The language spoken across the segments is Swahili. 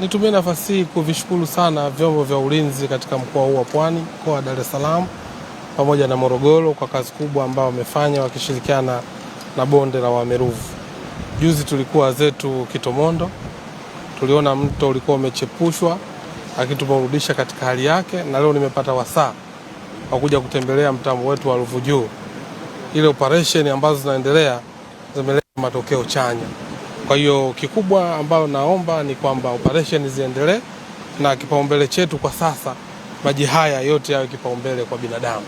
Nitumie nafasi hii kuvishukuru sana vyombo vya ulinzi katika mkoa huu wa Pwani, mkoa wa Dar es Salaam pamoja na Morogoro kwa kazi kubwa ambayo wamefanya wakishirikiana na bonde la Wameruvu. Juzi tulikuwa zetu Kitomondo, tuliona mto ulikuwa umechepushwa, lakini tumeurudisha katika hali yake, na leo nimepata wasaa wa kuja kutembelea mtambo wetu wa Ruvu Juu. Ile operation ambazo zinaendelea zimeleta matokeo chanya. Kwa hiyo kikubwa ambayo naomba ni kwamba operation ziendelee na kipaumbele chetu kwa sasa maji haya yote yawe kipaumbele kwa binadamu.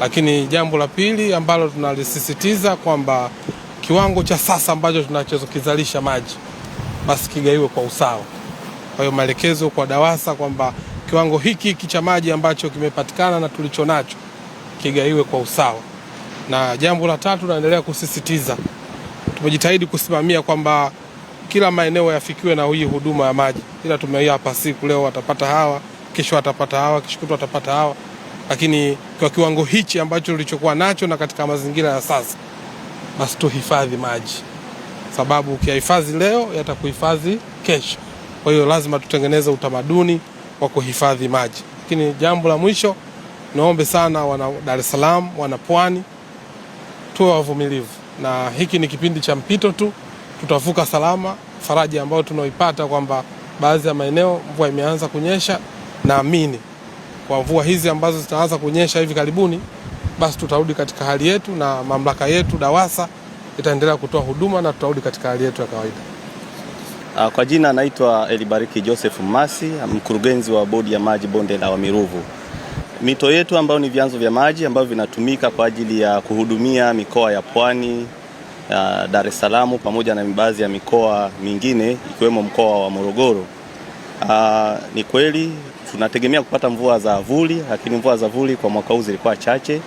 Lakini jambo la pili ambalo tunalisisitiza kwamba kiwango cha sasa ambacho tunachokizalisha maji basi kigaiwe kwa usawa. Kwa hiyo maelekezo kwa DAWASA kwamba kiwango hiki hiki cha maji ambacho kimepatikana na tulicho nacho kigaiwe kwa usawa. Na jambo la tatu, naendelea kusisitiza tumejitahidi kusimamia kwamba kila maeneo yafikiwe na hii huduma ya maji, ila tumeyapa siku, leo watapata hawa, kesho watapata hawa, kesho kutwa watapata hawa, lakini kwa kiwango hichi ambacho tulichokuwa nacho na katika mazingira ya sasa, basi tuhifadhi maji, sababu ukiyahifadhi leo yatakuhifadhi kesho. Kwa hiyo lazima tutengeneze utamaduni wa kuhifadhi maji. Lakini jambo la mwisho, niwaombe sana wana Dar es Salaam, wana Pwani, tuwe wavumilivu na hiki ni kipindi cha mpito tu, tutavuka salama. Faraja ambayo tunaoipata kwamba baadhi ya maeneo mvua imeanza kunyesha, naamini kwa mvua hizi ambazo zitaanza kunyesha hivi karibuni, basi tutarudi katika hali yetu na mamlaka yetu DAWASA itaendelea kutoa huduma na tutarudi katika hali yetu ya kawaida. Ah, kwa jina anaitwa Elibariki Joseph masi mkurugenzi wa bodi ya maji bonde la Wamiruvu mito yetu ambayo ni vyanzo vya maji ambavyo vinatumika kwa ajili ya kuhudumia mikoa ya Pwani, Dar es Salaam pamoja na baadhi ya mikoa mingine ikiwemo mkoa wa Morogoro. Aa, ah, ni kweli tunategemea kupata mvua za vuli, lakini mvua za vuli kwa mwaka huu zilikuwa chache,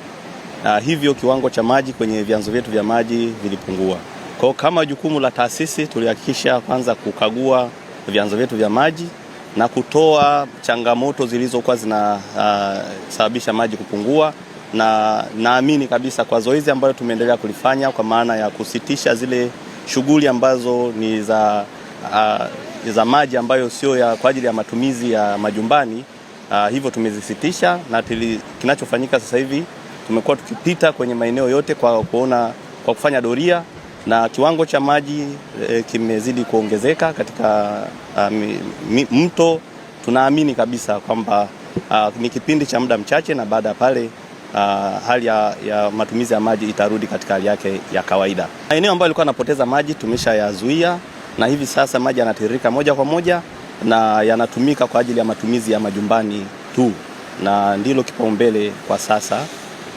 na ah, hivyo kiwango cha maji kwenye vyanzo vyetu vya maji vilipungua. Kwa kama jukumu la taasisi tulihakikisha kwanza kukagua vyanzo vyetu vya maji na kutoa changamoto zilizokuwa zinasababisha ah, uh, maji kupungua, na naamini kabisa kwa zoezi ambayo tumeendelea kulifanya kwa maana ya kusitisha zile shughuli ambazo ni za uh, za maji ambayo sio ya kwa ajili ya matumizi ya majumbani uh, hivyo tumezisitisha, na kinachofanyika sasa hivi tumekuwa tukipita kwenye maeneo yote kwa kuona kwa kufanya doria na kiwango cha maji e, kimezidi kuongezeka katika a, ah, mi, mto. Tunaamini kabisa kwamba ah, ni kipindi cha muda mchache, na baada ya pale a, ah, hali ya, ya matumizi ya maji itarudi katika hali yake ya kawaida. Eneo ambayo ilikuwa anapoteza maji tumesha yazuia na hivi sasa maji yanatiririka moja kwa moja na yanatumika kwa ajili ya matumizi ya majumbani tu, na ndilo kipaumbele kwa sasa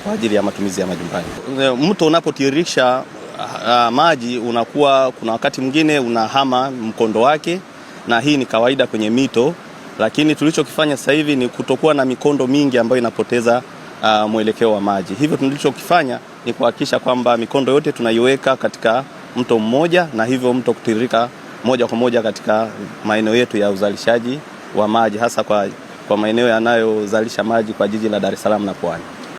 kwa ajili ya matumizi ya majumbani. Eh, mto unapotiririsha uh, maji unakuwa kuna wakati mwingine unahama mkondo wake, na hii ni kawaida kwenye mito, lakini tulichokifanya sasa hivi ni kutokuwa na mikondo mingi ambayo inapoteza uh, mwelekeo wa maji. Hivyo tulichokifanya ni kuhakikisha kwamba mikondo yote tunaiweka katika mto mmoja, na hivyo mto kutiririka moja kwa moja katika maeneo yetu ya uzalishaji wa maji hasa kwa, kwa maeneo yanayozalisha maji kwa jiji la Dar es Salaam na Pwani.